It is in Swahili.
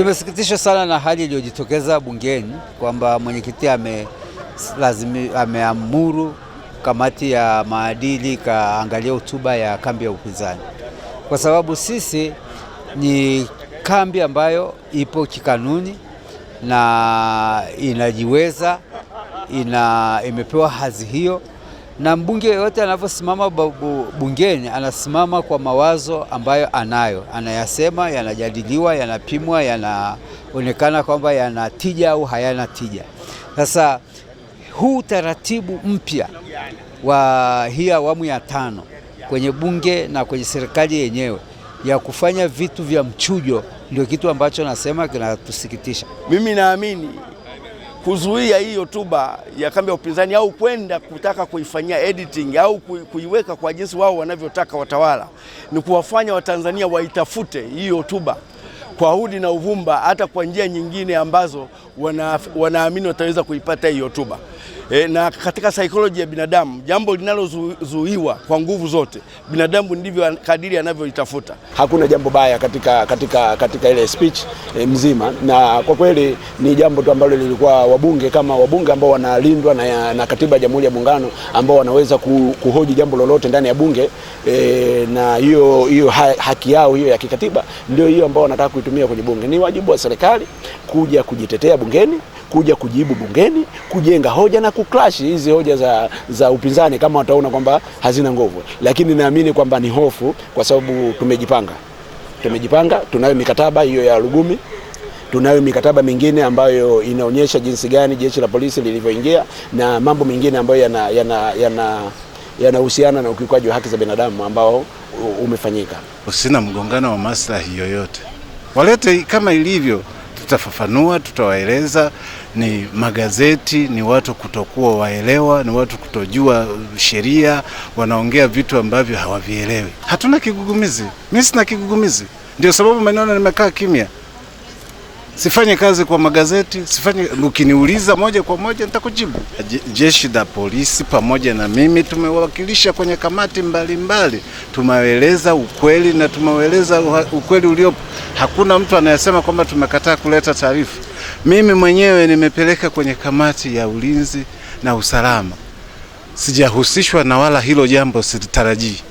Tumesikitishwa sana na hali iliyojitokeza bungeni kwamba mwenyekiti ameamuru kamati ya maadili kaangalia hotuba ya kambi ya upinzani, kwa sababu sisi ni kambi ambayo ipo kikanuni na inajiweza, ina, imepewa hadhi hiyo na mbunge yeyote anavyosimama bungeni anasimama kwa mawazo ambayo anayo, anayasema, yanajadiliwa, yanapimwa, yanaonekana kwamba yana tija au hayana tija. Sasa huu utaratibu mpya wa hii awamu ya tano kwenye bunge na kwenye serikali yenyewe ya kufanya vitu vya mchujo ndio kitu ambacho nasema kinatusikitisha. Mimi naamini kuzuia hii hotuba ya kambi ya upinzani au kwenda kutaka kuifanyia editing au kuiweka kwa jinsi wao wanavyotaka watawala, ni kuwafanya Watanzania waitafute hii hotuba kwa hudi na uvumba, hata kwa njia nyingine ambazo wanaamini wana wataweza kuipata hii hotuba. E, na katika saikolojia ya binadamu jambo linalozuiwa kwa nguvu zote, binadamu ndivyo kadiri anavyoitafuta Hakuna jambo baya katika, katika, katika ile speech e, mzima, na kwa kweli ni jambo tu ambalo lilikuwa wabunge kama wabunge ambao wanalindwa na, na katiba ya Jamhuri ya Muungano ambao wanaweza ku, kuhoji jambo lolote ndani ya bunge e, na hiyo hiyo ha, haki yao hiyo ya kikatiba ndio hiyo ambao wanataka kuitumia kwenye bunge. Ni wajibu wa serikali kuja kujitetea bungeni kuja kujibu bungeni, kujenga hoja na kuklashi hizi hoja za, za upinzani kama wataona kwamba hazina nguvu, lakini naamini kwamba ni hofu, kwa sababu tumejipanga, tumejipanga, tunayo mikataba hiyo ya Lugumi tunayo mikataba mingine ambayo inaonyesha jinsi gani jeshi la polisi lilivyoingia na mambo mengine ambayo yanahusiana yana, yana, yana na ukiukaji wa haki za binadamu ambao umefanyika. Sina mgongano wa maslahi yoyote, walete kama ilivyo tutafafanua, tutawaeleza. Ni magazeti, ni watu kutokuwa waelewa, ni watu kutojua sheria, wanaongea vitu ambavyo hawavielewi. Hatuna kigugumizi, mimi sina kigugumizi, ndio sababu maneno nimekaa kimya. Sifanye kazi kwa magazeti, sifanye. Ukiniuliza moja kwa moja nitakujibu. Jeshi la polisi pamoja na mimi tumewakilisha kwenye kamati mbalimbali, tumeweleza ukweli na tumeweleza ukweli uliopo. Hakuna mtu anayesema kwamba tumekataa kuleta taarifa. Mimi mwenyewe nimepeleka kwenye kamati ya ulinzi na usalama, sijahusishwa na wala hilo jambo, sitarajii.